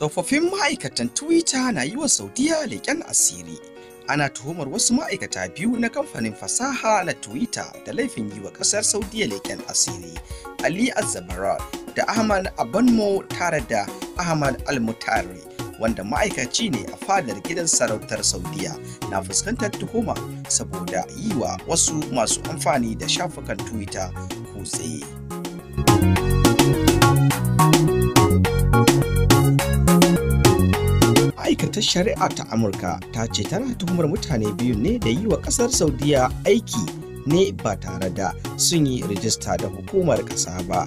tsofaffin ma'aikatan twitter na yi wa saudiya leƙen asiri ana tuhumar wasu ma'aikata biyu na kamfanin fasaha na twitter da laifin yi wa ƙasar saudiya leƙen asiri ali azabara da ahmad abanmo tare da ahmad almutari wanda ma'aikaci ne a fadar gidan sarautar saudiya na fuskantar tuhuma saboda yi wa wasu masu amfani da shafukan twitter kutse. ma'aikatar shari'a ta amurka ta ce tana tuhumar mutane biyu ne da yi wa kasar saudiya aiki ne ba tare da sun yi rijista da hukumar kasa ba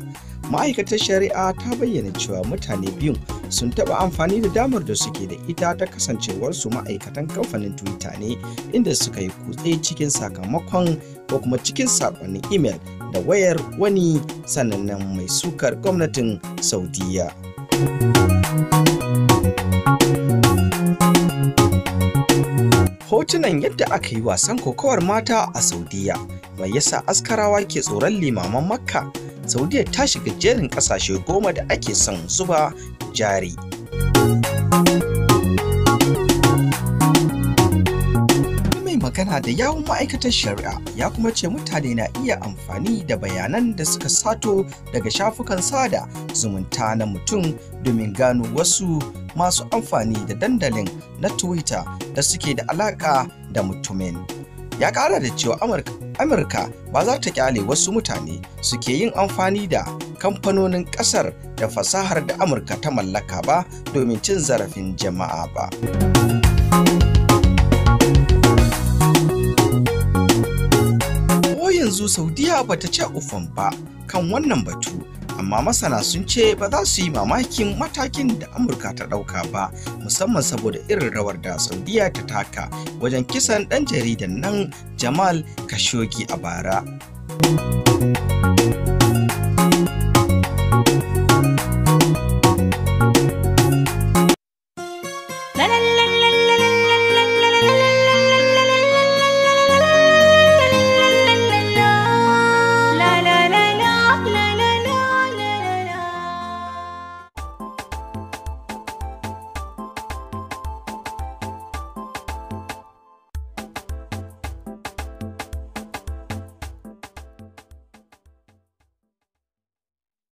ma'aikatar shari'a ta bayyana cewa mutane biyun sun taɓa amfani da damar da suke da ita ta kasancewarsu ma'aikatan kamfanin twitter ne inda suka yi kutse cikin sakamakon ko kuma cikin saƙonnin imel da wayar wani sanannen mai sukar gwamnatin saudiya hotunan yadda aka yi wasan kokowar mata a saudiya mai yasa askarawa ke tsoron limaman makka saudiya ta shiga jerin kasashe goma da ake son zuba jari mai magana da yawun ma'aikatar shari'a ya kuma ce mutane na iya amfani da bayanan da suka sato daga shafukan sada zumunta na mutum domin gano wasu masu amfani da dandalin na twitter da suke da alaka da mutumin ya kara da cewa amurka ba za ta kyale wasu mutane suke yin amfani da kamfanonin ƙasar da fasahar da amurka ta mallaka ba domin cin zarafin jama'a ba ko yanzu saudiya ba ta ce ufan ba kan wannan batu amma masana sun ce ba za su yi mamakin matakin da amurka ta ɗauka ba musamman saboda irin rawar da saudiya ta taka wajen kisan ɗan jaridan nan jamal kashogi a bara